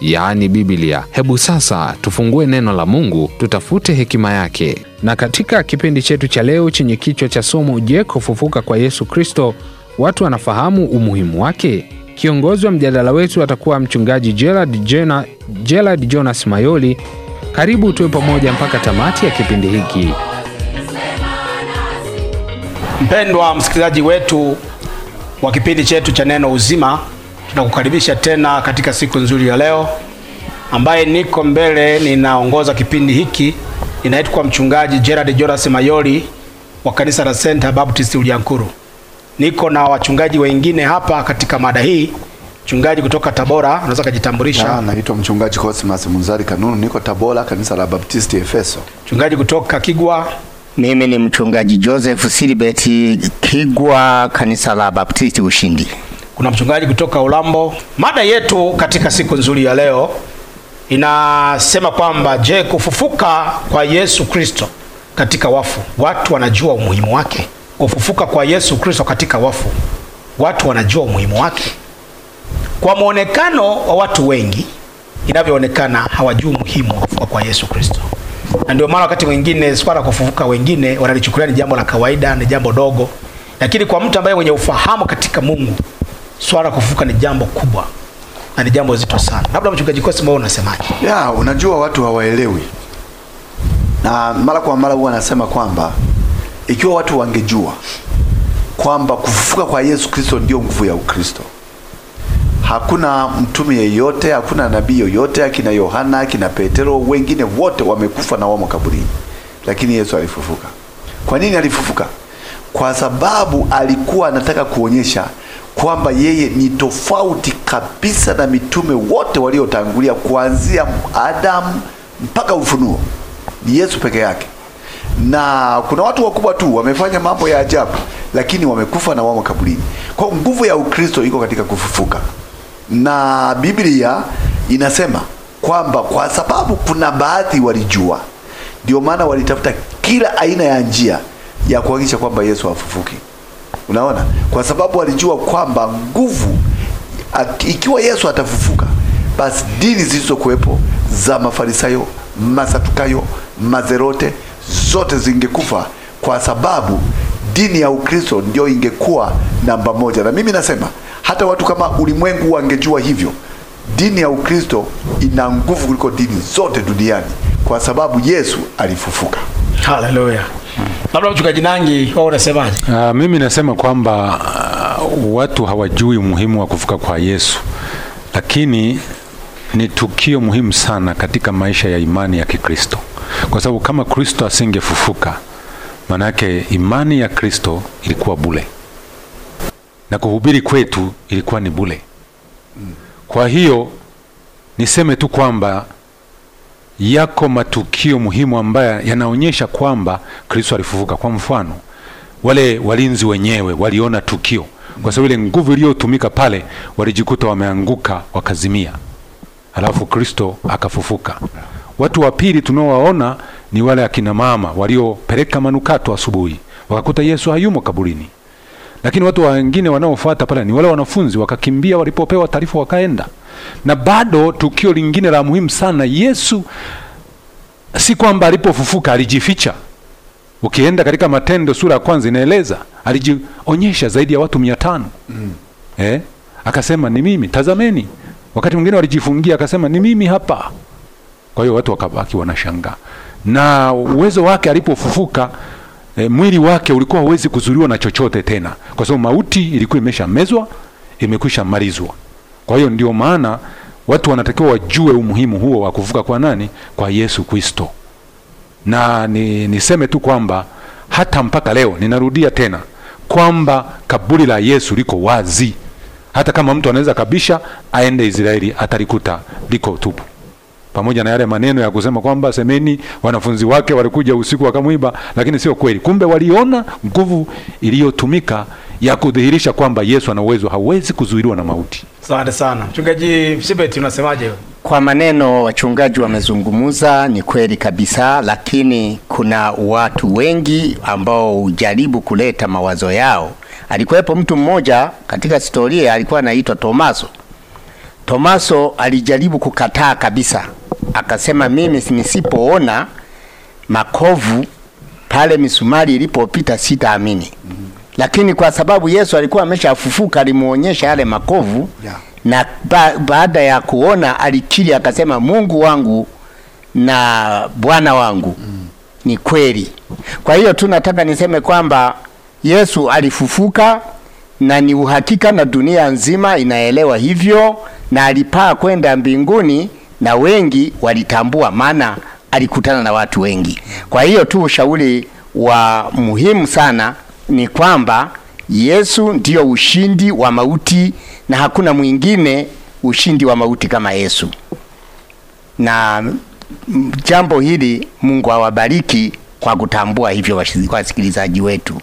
yaani Biblia. Hebu sasa tufungue neno la Mungu, tutafute hekima yake. Na katika kipindi chetu cha leo chenye kichwa cha somo, Je, kufufuka kwa Yesu Kristo watu wanafahamu umuhimu wake? Kiongozi wa mjadala wetu atakuwa mchungaji Gerald, Jena, Gerald Jonas Mayoli. Karibu tuwe pamoja mpaka tamati ya kipindi hiki. Mpendwa msikilizaji wetu wa kipindi chetu cha neno uzima Tunakukaribisha tena katika siku nzuri ya leo, ambaye niko mbele ninaongoza kipindi hiki. Ninaitwa Mchungaji Gerard Jonas Mayoli wa kanisa la Center Baptist Uliankuru. Niko na wachungaji wengine hapa katika mada hii. Mchungaji kutoka Tabora anaweza kujitambulisha. Ah, naitwa Mchungaji Cosmas Munzari Kanunu, niko Tabora, kanisa la Baptist Efeso. Mchungaji kutoka Kigwa mimi ni mchungaji Joseph Silibeti Kigwa, kanisa la Baptist Ushindi kuna mchungaji kutoka Ulambo. Mada yetu katika siku nzuri ya leo inasema kwamba je, kufufuka kwa Yesu Kristo katika wafu, watu wanajua umuhimu wake? Kufufuka kwa Yesu Kristo katika wafu, watu wanajua umuhimu wake? Kwa mwonekano wa watu wengi, inavyoonekana hawajui umuhimu wa kufufuka kwa Yesu Kristo, na ndio maana wakati mwingine swala kufufuka wengine wanalichukulia ni jambo la kawaida, ni jambo dogo, lakini kwa mtu ambaye mwenye ufahamu katika Mungu swala kufuka ni jambo kubwa na ni jambo zito sana. Labda mchungaji Kosi, wewe unasemaje? Ya, unajua watu hawaelewi, na mara kwa mara huwa anasema kwamba ikiwa watu wangejua kwamba kufufuka kwa Yesu Kristo ndio nguvu ya Ukristo, hakuna mtume yeyote, hakuna nabii yoyote, akina Yohana, akina Petero, wengine wote wamekufa na wamo kaburini, lakini Yesu alifufuka. Kwa nini alifufuka? Kwa sababu alikuwa anataka kuonyesha kwamba yeye ni tofauti kabisa na mitume wote waliotangulia kuanzia Adamu mpaka Ufunuo. Ni Yesu peke yake, na kuna watu wakubwa tu wamefanya mambo ya ajabu, lakini wamekufa na wamo kaburini. Kwa nguvu ya Ukristo iko katika kufufuka, na Biblia inasema kwamba kwa sababu kuna baadhi walijua, ndio maana walitafuta kila aina ya njia ya kuhakikisha kwamba Yesu afufuki. Unaona, kwa sababu alijua kwamba nguvu, ikiwa Yesu atafufuka, basi dini zilizokuwepo za Mafarisayo, Masadukayo, Mazerote zote zingekufa, kwa sababu dini ya Ukristo ndio ingekuwa namba moja. Na mimi nasema hata watu kama ulimwengu wangejua hivyo, dini ya Ukristo ina nguvu kuliko dini zote duniani, kwa sababu Yesu alifufuka. Haleluya! Labda mchungaji Nangi, wao unasemaje? Uh, mimi nasema kwamba uh, watu hawajui umuhimu wa kufuka kwa Yesu, lakini ni tukio muhimu sana katika maisha ya imani ya Kikristo, kwa sababu kama Kristo asingefufuka, manake imani ya Kristo ilikuwa bule na kuhubiri kwetu ilikuwa ni bule. Kwa hiyo niseme tu kwamba yako matukio muhimu ambayo yanaonyesha kwamba Kristo alifufuka. Kwa mfano, wale walinzi wenyewe waliona tukio, kwa sababu ile nguvu iliyotumika pale walijikuta wameanguka wakazimia, alafu Kristo akafufuka. Watu wa pili tunaowaona ni wale akina mama waliopeleka manukato asubuhi, wakakuta Yesu hayumo kaburini lakini watu wengine wanaofuata pale ni wale wanafunzi wakakimbia walipopewa taarifa wakaenda. Na bado tukio lingine la muhimu sana, Yesu si kwamba alipofufuka alijificha. Ukienda katika Matendo sura ya kwanza inaeleza alijionyesha zaidi ya watu mia tano mm. eh? Akasema ni mimi, tazameni. Wakati mwingine walijifungia, akasema ni mimi hapa. Kwa hiyo watu wakabaki wanashangaa na uwezo wake alipofufuka e, mwili wake ulikuwa hauwezi kuzuliwa na chochote tena, kwa sababu mauti ilikuwa imeshamezwa, imekwisha malizwa. Kwa hiyo ndio maana watu wanatakiwa wajue umuhimu huo wa kuvuka kwa nani? Kwa Yesu Kristo. Na ni, niseme tu kwamba hata mpaka leo ninarudia tena kwamba kaburi la Yesu liko wazi. Hata kama mtu anaweza kabisha aende Israeli atalikuta liko tupu pamoja na yale maneno ya kusema kwamba semeni wanafunzi wake walikuja usiku wakamwiba, lakini sio kweli. Kumbe waliona nguvu iliyotumika ya kudhihirisha kwamba Yesu ana uwezo, hawezi kuzuiliwa na mauti. Asante sana mchungaji Msibeti, unasemaje? Kwa maneno wachungaji wamezungumza, ni kweli kabisa, lakini kuna watu wengi ambao hujaribu kuleta mawazo yao. Alikuwepo mtu mmoja katika historia, alikuwa anaitwa Tomaso. Tomaso alijaribu kukataa kabisa akasema, mimi nisipoona makovu pale misumari ilipopita sitaamini. mm -hmm. Lakini kwa sababu Yesu alikuwa ameshafufuka, alimuonyesha yale makovu yeah. Na ba baada ya kuona alikiri akasema, Mungu wangu na Bwana wangu. mm. Ni kweli. Kwa hiyo tunataka niseme kwamba Yesu alifufuka na ni uhakika, na dunia nzima inaelewa hivyo, na alipaa kwenda mbinguni na wengi walitambua, maana alikutana na watu wengi. Kwa hiyo tu ushauri wa muhimu sana ni kwamba Yesu ndiyo ushindi wa mauti, na hakuna mwingine ushindi wa mauti kama Yesu. Na jambo hili Mungu awabariki kwa kutambua hivyo wasikilizaji wetu.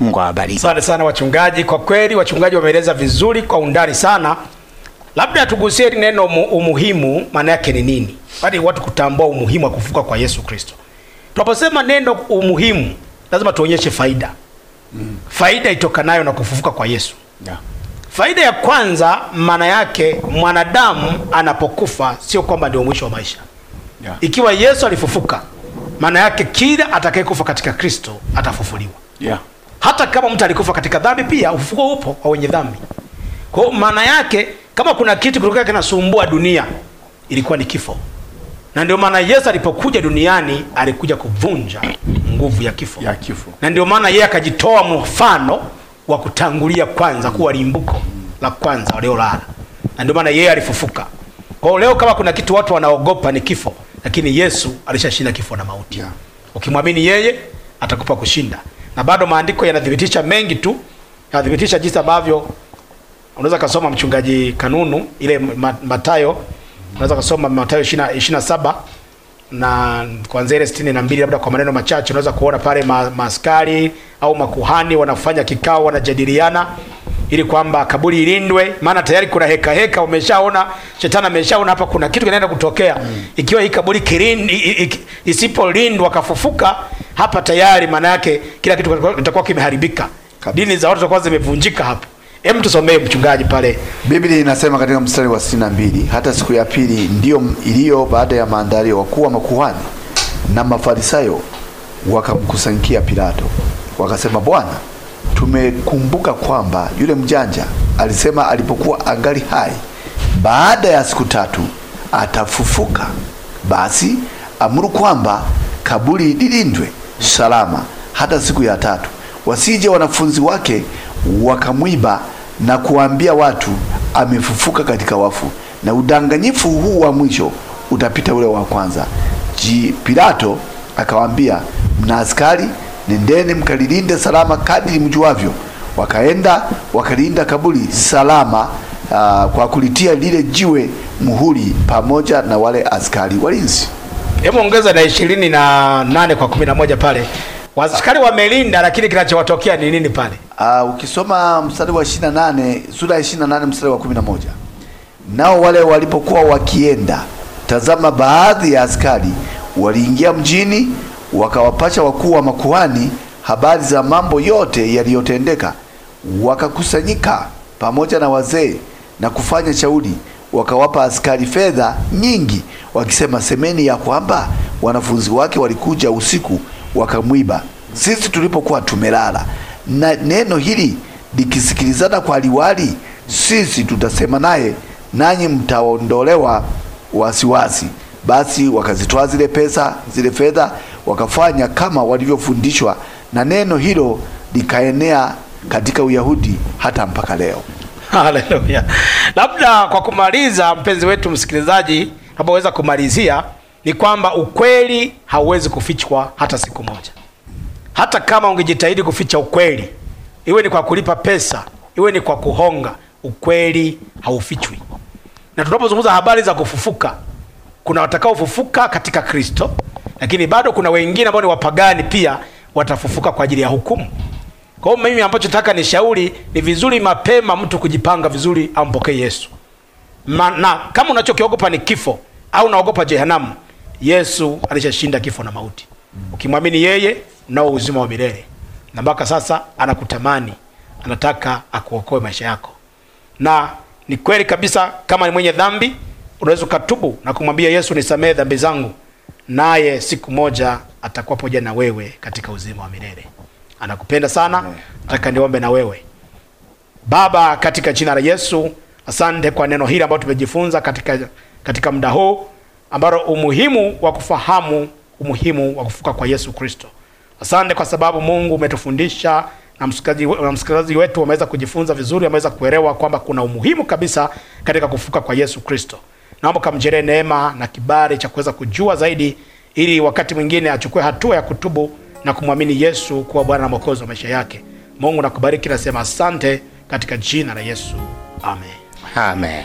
Mungu awabariki. Asante sana wachungaji, kwa kweli wachungaji wameeleza vizuri kwa undani sana labda tugusie neno umuhimu maana yake ni nini yaani watu kutambua umuhimu wa kufuka kwa yesu kristo tunaposema neno umuhimu lazima tuonyeshe faida mm. faida itokanayo na kufufuka kwa yesu yeah. faida ya kwanza maana yake mwanadamu anapokufa sio kwamba ndio mwisho wa maisha yeah. ikiwa yesu alifufuka maana yake kila atakayekufa katika kristo atafufuliwa yeah. hata kama mtu alikufa katika dhambi pia ufufuko upo kwa wenye dhambi Kwa maana yake kama kuna kitu kilikuwa kinasumbua dunia ilikuwa ni kifo, na ndio maana Yesu alipokuja duniani alikuja kuvunja nguvu ya kifo, ya kifo. Na ndio maana yeye akajitoa mfano wa kutangulia kwanza kuwa limbuko la kwanza waliolala, na ndio maana yeye alifufuka. Kwa leo kama kuna kitu watu wanaogopa ni kifo, lakini Yesu alishashinda kifo na mauti yeah. Ukimwamini yeye atakupa kushinda, na bado maandiko yanathibitisha mengi tu, yanathibitisha jinsi ambavyo unaweza kasoma mchungaji kanunu ile Matayo, unaweza kasoma Matayo 27 na kuanzia ile sitini na mbili labda kwa maneno machache unaweza kuona pale ma, maaskari au makuhani wanafanya kikao, wanajadiliana ili kwamba kaburi ilindwe, maana tayari kuna heka heka, umeshaona shetani ameshaona hapa kuna kitu kinaenda kutokea. Mm. Ikiwa hii kaburi kilindi isipolindwa kafufuka hapa tayari, maana yake kila kitu kitakuwa kimeharibika, dini za watu zitakuwa zimevunjika hapa. Hebu tusomee mchungaji pale. Biblia inasema katika mstari wa sitini na mbili hata siku ya pili ndiyo iliyo baada ya maandalio, wakuu wa makuhani na Mafarisayo wakamkusanyikia Pilato, wakasema, Bwana, tumekumbuka kwamba yule mjanja alisema alipokuwa angali hai, baada ya siku tatu atafufuka. Basi amuru kwamba kaburi lilindwe salama hata siku ya tatu, wasije wanafunzi wake wakamwiba na kuambia watu amefufuka katika wafu, na udanganyifu huu wa mwisho utapita ule wa kwanza. Ji Pilato akawaambia, mna askari, nendeni mkalilinde salama kadiri mjuavyo. Wakaenda wakalinda kaburi salama, uh, kwa kulitia lile jiwe muhuri pamoja na wale askari walinzi. Hebu ongeza na ishirini na nane kwa kumi na moja pale, askari wamelinda, lakini kinachowatokea ni nini pale? Uh, ukisoma mstari wa 28 sura ya 28 mstari wa 11, nao wale walipokuwa wakienda, tazama, baadhi ya askari waliingia mjini wakawapasha wakuu wa makuhani habari za mambo yote yaliyotendeka. Wakakusanyika pamoja na wazee na kufanya shauri, wakawapa askari fedha nyingi, wakisema, semeni ya kwamba wanafunzi wake walikuja usiku wakamwiba, sisi tulipokuwa tumelala na neno hili likisikilizana kwa liwali, sisi tutasema naye, nanyi mtaondolewa wasiwasi. Basi wakazitoa zile pesa, zile fedha, wakafanya kama walivyofundishwa, na neno hilo likaenea katika Uyahudi hata mpaka leo. Haleluya! Labda kwa kumaliza, mpenzi wetu msikilizaji, labda weza kumalizia ni kwamba ukweli hauwezi kufichwa hata siku moja. Hata kama ungejitahidi kuficha ukweli, iwe ni kwa kulipa pesa, iwe ni kwa kuhonga, ukweli haufichwi. Na tunapozungumza habari za kufufuka, kuna watakaofufuka katika Kristo, lakini bado kuna wengine ambao ni wapagani pia watafufuka kwa ajili ya hukumu. Kwa hiyo mimi ambacho nataka ni shauri, ni vizuri mapema mtu kujipanga vizuri ampokee Yesu. Ma, na kama unachokiogopa ni kifo au unaogopa jehanamu, Yesu alishashinda kifo na mauti. Ukimwamini yeye nao uzima wa milele, na mpaka sasa anakutamani, anataka akuokoe maisha yako. Na ni kweli kabisa, kama ni mwenye dhambi unaweza ukatubu na kumwambia Yesu, nisamehe dhambi zangu, naye siku moja atakuwa pamoja na wewe katika uzima wa milele. Anakupenda sana. Nataka niombe na wewe. Baba, katika jina la Yesu, asante kwa neno hili ambalo tumejifunza katika, katika muda huu ambalo umuhimu wa kufahamu umuhimu wa kufuka kwa Yesu Kristo. Asante kwa sababu Mungu umetufundisha na msikilizaji wetu ameweza kujifunza vizuri, ameweza kuelewa kwamba kuna umuhimu kabisa katika kufuka kwa Yesu Kristo. Naomba kamjere neema na kibali cha kuweza kujua zaidi, ili wakati mwingine achukue hatua ya kutubu na kumwamini Yesu kuwa Bwana na Mwokozi wa maisha yake. Mungu nakubariki, nasema asante katika jina la Yesu, amen, amen.